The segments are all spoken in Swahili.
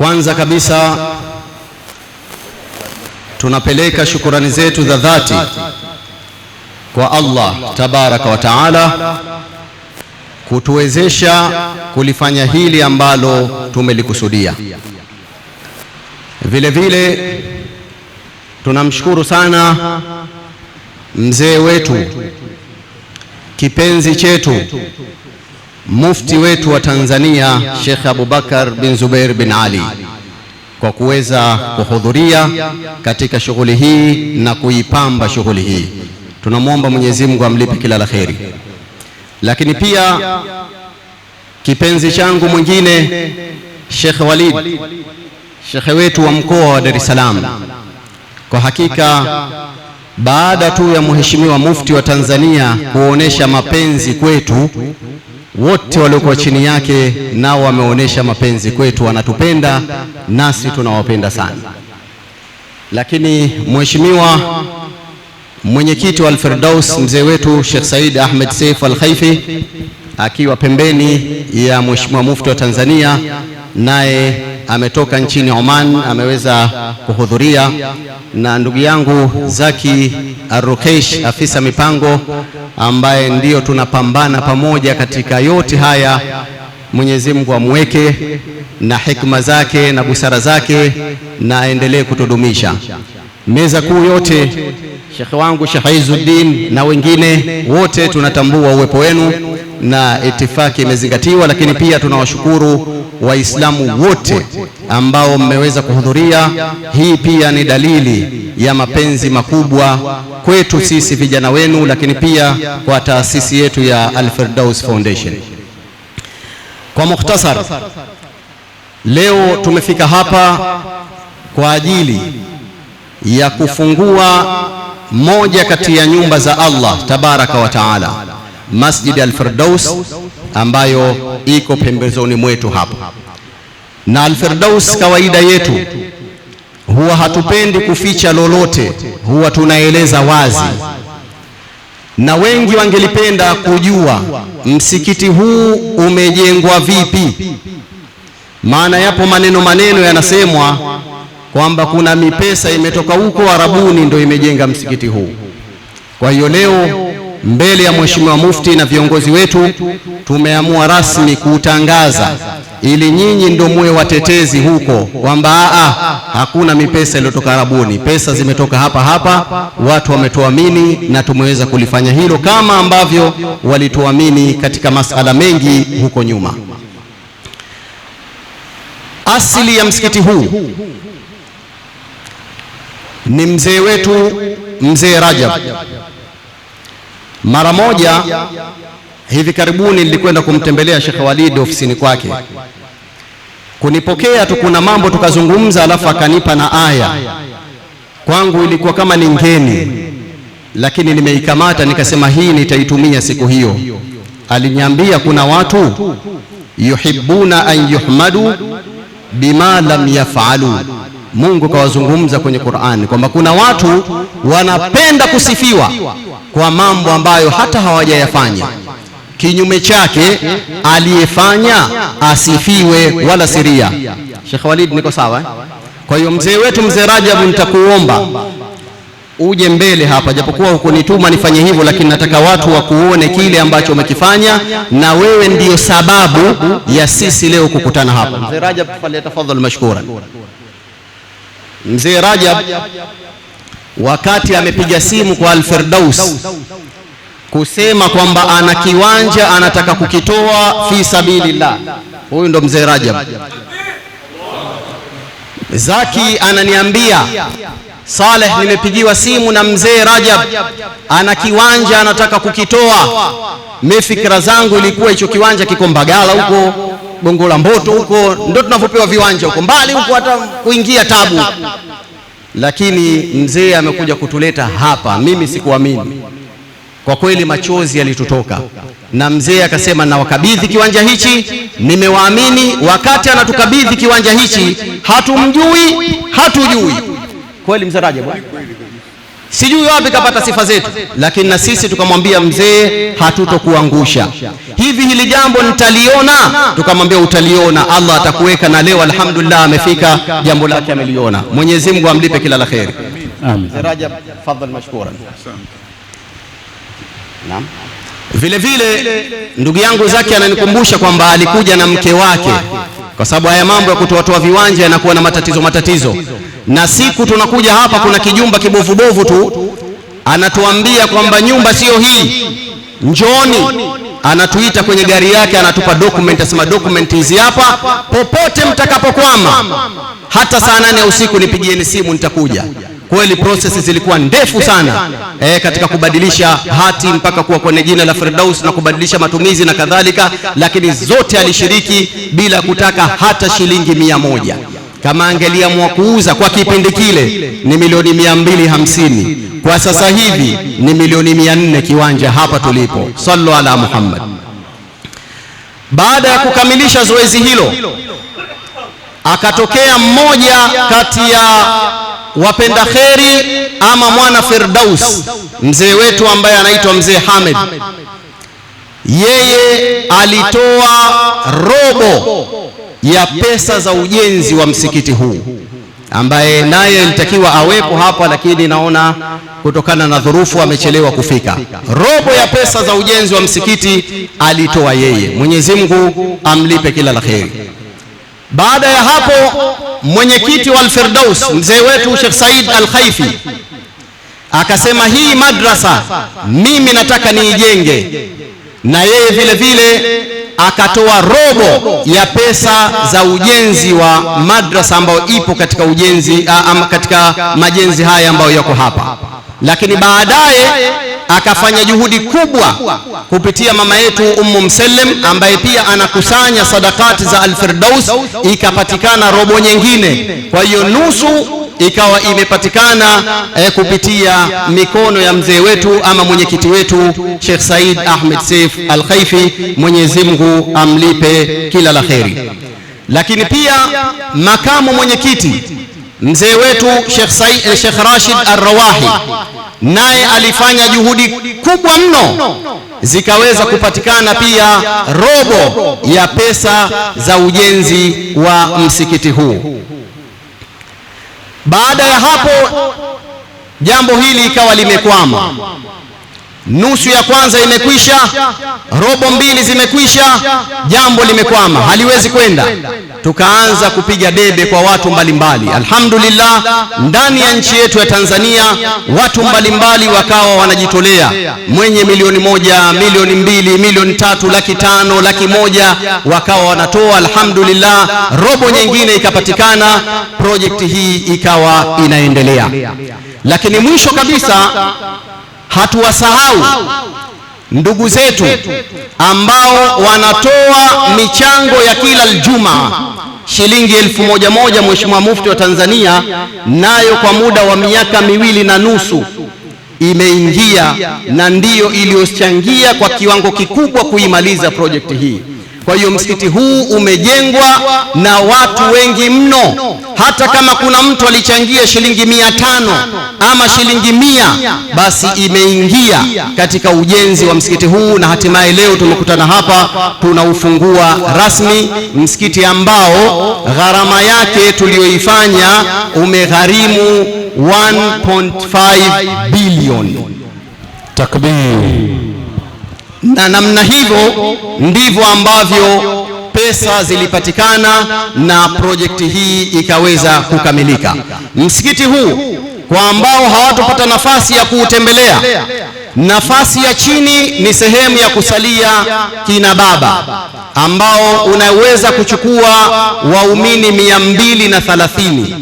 Kwanza kabisa tunapeleka shukurani zetu za dhati kwa Allah tabaraka wa taala kutuwezesha kulifanya hili ambalo tumelikusudia. Vile vile tunamshukuru sana mzee wetu kipenzi chetu mufti wetu wa Tanzania Sheikh Abubakar bin Zubair bin Ali kwa kuweza kuhudhuria katika shughuli hii na kuipamba shughuli hii. Tunamwomba Mwenyezi Mungu amlipe kila la kheri. Lakini pia kipenzi changu mwingine Sheikh Walid, Sheikh wetu wa mkoa wa Dar es Salaam, kwa hakika baada tu ya mheshimiwa mufti wa Tanzania kuonesha mapenzi kwetu wote waliokuwa chini yake nao wameonyesha mapenzi kwetu, wanatupenda nasi tunawapenda sana. Lakini mheshimiwa mwenyekiti wa Alfirdaus mzee wetu Sheikh Said Ahmed Saif Al-Khaifi akiwa pembeni ya mheshimiwa mufti wa Tanzania, naye ametoka nchini Oman, ameweza kuhudhuria na ndugu yangu Zaki Arukesh afisa mipango ambaye ndiyo tunapambana pamoja katika yote haya. Mwenyezi Mungu amweke na hikma zake na busara zake na aendelee kutudumisha. Meza kuu yote, shekhe wangu Sheikh Izzuddin na wengine wote, tunatambua uwepo wenu na itifaki imezingatiwa, lakini pia tunawashukuru Waislamu wote ambao mmeweza kuhudhuria. Hii pia ni dalili ya mapenzi makubwa kwetu sisi vijana wenu, lakini pia kwa taasisi yetu ya al Foundation. Kwa mukhtasar, leo tumefika hapa kwa ajili ya kufungua moja kati ya nyumba za Allah tabaraka wa taala, Masjid al ambayo iko pembezoni mwetu hapa, na al kawaida yetu huwa hatupendi kuficha lolote, huwa tunaeleza wazi, na wengi wangelipenda kujua msikiti huu umejengwa vipi. Maana yapo maneno maneno yanasemwa kwamba kuna mipesa imetoka huko Arabuni ndio imejenga msikiti huu. Kwa hiyo leo mbele ya Mheshimiwa Mufti na viongozi wetu, tumeamua rasmi kuutangaza ili nyinyi ndio muwe watetezi huko kwamba a ah, ah, hakuna mipesa iliyotoka Arabuni, pesa zimetoka hapa hapa, watu wametuamini na tumeweza kulifanya hilo kama ambavyo walituamini katika masala mengi huko nyuma. Asili ya msikiti huu ni mzee wetu mzee Rajab mara moja hivi karibuni nilikwenda kumtembelea Sheikh Walid ofisini kwake, kunipokea tu, kuna mambo tukazungumza, alafu akanipa na aya. Kwangu ilikuwa kama ni ngeni, lakini nimeikamata nikasema hii nitaitumia siku hiyo. Aliniambia kuna watu yuhibbuna an yuhmadu bima lam yafalu Mungu kawazungumza kwenye Qur'ani kwamba kuna watu wanapenda kusifiwa kwa mambo ambayo hata hawajayafanya. Kinyume chake aliyefanya asifiwe, wala siria. Sheikh Walid, niko sawa eh? Kwa hiyo mzee wetu mzee Rajabu, nitakuomba uje mbele hapa, japokuwa hukunituma nifanye hivyo, lakini nataka watu wakuone kile ambacho umekifanya, na wewe ndiyo sababu ya sisi leo kukutana hapa. Mzee Rajab, tafadhali, mashkura Mzee Rajab wakati amepiga simu kwa Alfirdaus kusema kwamba ana kiwanja anataka kukitoa fi sabilillah. Huyu ndo mzee Rajab Zaki ananiambia Saleh, nimepigiwa simu na mzee Rajab, ana kiwanja anataka kukitoa. Mimi fikra zangu ilikuwa hicho kiwanja kiko Mbagala huko Gongo la Mboto huko, ndio tunavyopewa viwanja huko mbali huko, hata kuingia tabu lakini mzee amekuja kutuleta hapa. Mimi sikuamini kwa kweli, machozi yalitutoka, na mzee akasema nawakabidhi kiwanja hichi. Nimewaamini wakati anatukabidhi kiwanja hichi, hatumjui hatujui. Kweli mzee Rajab sijui wapi kapata sifa zetu, lakini na sisi tukamwambia mzee, hatutokuangusha hivi. Hili jambo nitaliona, tukamwambia utaliona, Allah atakuweka. Na leo alhamdulillah, amefika jambo lake, ameliona. Mwenyezi Mungu amlipe kila la kheri. Amin. Vile vile ndugu yangu Zaki ananikumbusha kwamba alikuja na mke wake, kwa sababu haya mambo ya kutoatoa viwanja yanakuwa na matatizo matatizo na siku tunakuja hapa, kuna kijumba kibovubovu tu, anatuambia kwamba nyumba siyo hii, njooni anatuita kwenye gari yake, anatupa document, asema document hizi hapa. Popote mtakapokwama, hata saa nane ya usiku nipigieni simu, nitakuja. Kweli process zilikuwa ndefu sana e, katika kubadilisha hati mpaka kuwa kwenye jina la Firdaus na kubadilisha matumizi na kadhalika, lakini zote alishiriki bila kutaka hata shilingi mia moja. Kama angeliamua kuuza kwa kipindi kile ni milioni mia mbili hamsini kwa sasa hivi ni milioni mia nne kiwanja hapa tulipo. Sallu ala Muhammad. Baada ya kukamilisha zoezi hilo, akatokea mmoja kati ya wapenda kheri ama mwana Firdaus, mzee wetu ambaye anaitwa mzee Hamed. Yeye alitoa robo ya pesa za ujenzi wa msikiti huu ambaye naye alitakiwa awepo hapa, lakini naona kutokana na dhurufu amechelewa kufika. Robo ya pesa za ujenzi wa msikiti alitoa yeye. Mwenyezi Mungu amlipe kila la kheri. Baada ya hapo, mwenyekiti wa Alfirdaus mzee wetu Sheikh Said Al-Khaifi akasema, hii madrasa mimi nataka niijenge, na yeye vile vile akatoa robo ya pesa za ujenzi wa madrasa ambayo ipo katika ujenzi ama katika majenzi haya ambayo yako hapa, lakini baadaye akafanya juhudi kubwa kupitia mama yetu Ummu mselem ambaye pia anakusanya sadakati za Alfirdaus, ikapatikana robo nyingine. Kwa hiyo nusu ikawa imepatikana eh, kupitia mikono ya mzee wetu ama mwenyekiti wetu Sheikh Said Ahmed Seif Al-Khaifi, Mwenyezi Mungu amlipe kila la kheri. Lakini pia makamu mwenyekiti mzee wetu Sheikh Said eh, Sheikh Rashid Ar-Rawahi naye alifanya juhudi kubwa mno zikaweza kupatikana pia robo ya pesa za ujenzi wa msikiti huu. Baada ya hapo jambo hili ikawa limekwama nusu ya kwanza imekwisha, robo mbili zimekwisha, jambo limekwama, haliwezi kwenda. Tukaanza kupiga debe kwa watu mbalimbali. Alhamdulillah, ndani ya nchi yetu ya Tanzania watu mbalimbali wakawa wanajitolea, mwenye milioni moja, milioni mbili, milioni tatu, laki tano, laki moja, wakawa wanatoa. Alhamdulillah, robo nyingine ikapatikana, projekti hii ikawa inaendelea. Lakini mwisho kabisa hatuwasahau ndugu zetu ambao wanatoa michango ya kila ljuma shilingi elfu moja moja, Mheshimiwa Mufti wa Tanzania, nayo kwa muda wa miaka miwili na nusu imeingia na ndiyo iliyochangia kwa kiwango kikubwa kuimaliza projekti hii. Kwa hiyo msikiti huu umejengwa na watu wengi mno. Hata kama kuna mtu alichangia shilingi mia tano ama shilingi mia, basi imeingia katika ujenzi wa msikiti huu, na hatimaye leo tumekutana hapa tunaufungua rasmi, msikiti ambao gharama yake tuliyoifanya umegharimu 1.5 bilioni. Takbir! na namna hivyo ndivyo ambavyo pesa zilipatikana na projekti hii ikaweza kukamilika. Msikiti huu kwa ambao hawatopata nafasi ya kuutembelea, nafasi ya chini ni sehemu ya kusalia kina baba, ambao unaweza kuchukua waumini mia mbili na thalathini.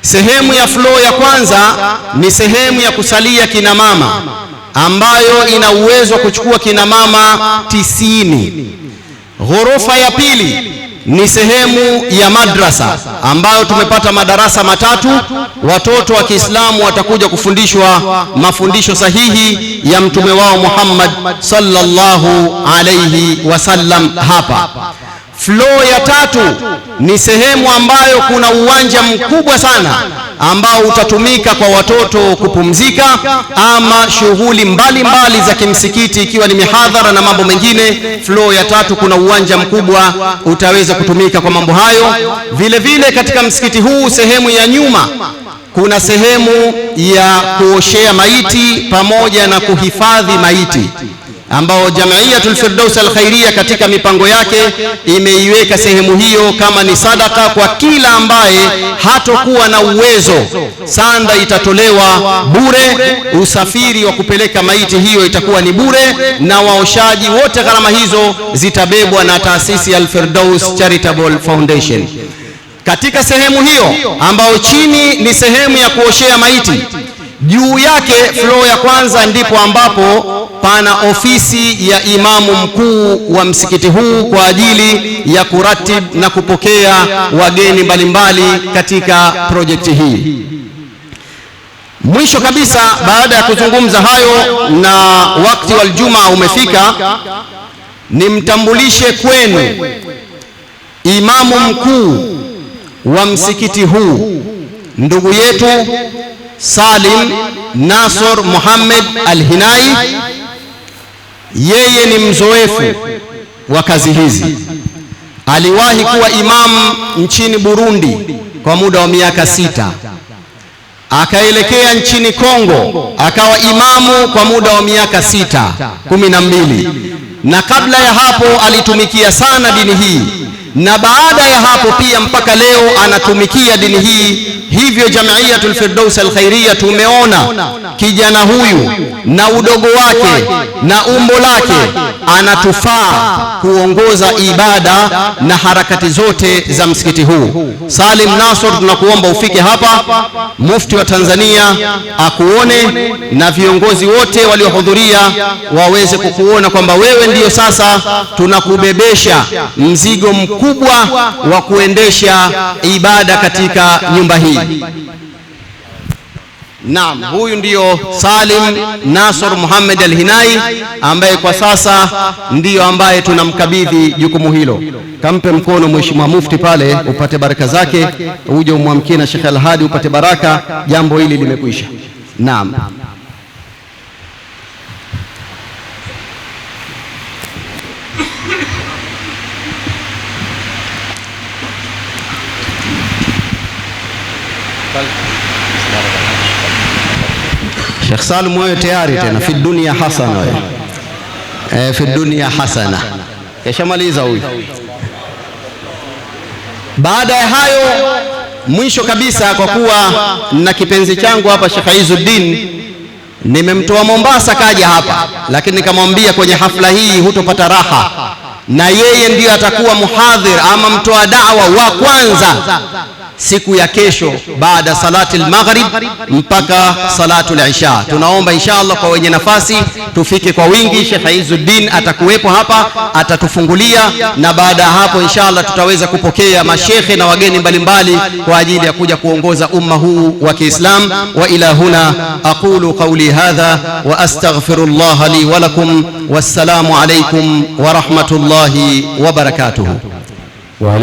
Sehemu ya floor ya kwanza ni sehemu ya kusalia kina mama ambayo ina uwezo wa kuchukua kina mama tisini. Ghorofa ya pili ni sehemu ya madrasa ambayo tumepata madarasa matatu. Watoto wa Kiislamu watakuja kufundishwa mafundisho sahihi ya mtume wao Muhammad sallallahu alayhi wasallam hapa. Floor ya tatu ni sehemu ambayo kuna uwanja mkubwa sana ambao utatumika kwa watoto kupumzika ama shughuli mbalimbali za kimsikiti, ikiwa ni mihadhara na mambo mengine. Floor ya tatu kuna uwanja mkubwa utaweza kutumika kwa mambo hayo. Vile vile katika msikiti huu sehemu ya nyuma kuna sehemu ya kuoshea maiti pamoja na kuhifadhi maiti ambao Jamiiyatul Firdaus Alkhairia katika mipango yake imeiweka sehemu hiyo kama ni sadaka kwa kila ambaye hatokuwa na uwezo. Sanda itatolewa bure, usafiri wa kupeleka maiti hiyo itakuwa ni bure, na waoshaji wote, gharama hizo zitabebwa na taasisi ya Al-Firdaus Charitable Foundation katika sehemu hiyo ambayo chini ni sehemu ya kuoshea maiti juu yake floor ya kwanza ndipo ambapo pana ofisi ya imamu mkuu wa msikiti huu kwa ajili ya kuratibu na kupokea wageni mbalimbali katika projekti hii. Mwisho kabisa, baada ya kuzungumza hayo na wakati wa Ijumaa umefika, nimtambulishe kwenu imamu mkuu wa msikiti huu ndugu yetu Salim nasor Muhammad Al-Hinai, yeye ni mzoefu wa kazi hizi. Aliwahi kuwa imamu nchini Burundi kwa muda wa miaka sita, akaelekea nchini Kongo akawa imamu kwa muda wa miaka sita kumi na mbili, na kabla ya hapo alitumikia sana dini hii, na baada ya hapo pia mpaka leo anatumikia dini hii hivyo Jamiiyatul Firdaus Alkhairia tumeona kijana huyu na udogo wake na umbo lake anatufaa kuongoza ibada na harakati zote za msikiti huu. Salim Nasor, tunakuomba ufike hapa, mufti wa Tanzania akuone na viongozi wote waliohudhuria waweze kukuona kwamba wewe ndiyo sasa tunakubebesha mzigo mkubwa wa kuendesha ibada katika nyumba hii hii. Naam, huyu ndiyo Salim Nasor Muhammad Al-Hinai ambaye kwa sasa ndiyo ambaye tunamkabidhi jukumu hilo. Kampe mkono Mheshimiwa Mufti pale, upate baraka zake, uje umwamkie na Sheikh Al-Hadi upate baraka. Jambo hili limekwisha. Naam. Sheikh Salum wewe tayari tena, fi dunia hasana wewe. Eh, fi dunia hasana, keshamaliza huyu. Baada ya hayo, mwisho kabisa, kwa kuwa na kipenzi changu hapa Sheikh Izuddin nimemtoa Mombasa kaja hapa, lakini nikamwambia kwenye hafla hii hutopata raha, na yeye ndiyo atakuwa muhadhir ama mtoa dawa wa kwanza siku ya kesho baada salati al-maghrib mpaka salatu al-isha. Tunaomba inshallah kwa wenye nafasi tufike kwa wingi. Sheikh Izzuddin atakuwepo hapa, atatufungulia na baada ya hapo inshallah tutaweza kupokea mashekhe na wageni mbalimbali kwa ajili ya kuja kuongoza umma huu wa Kiislam. Wa ila huna aqulu qawli hadha wa astaghfirullah li wa lakum, wassalamu alaykum wa rahmatullahi wa barakatuh.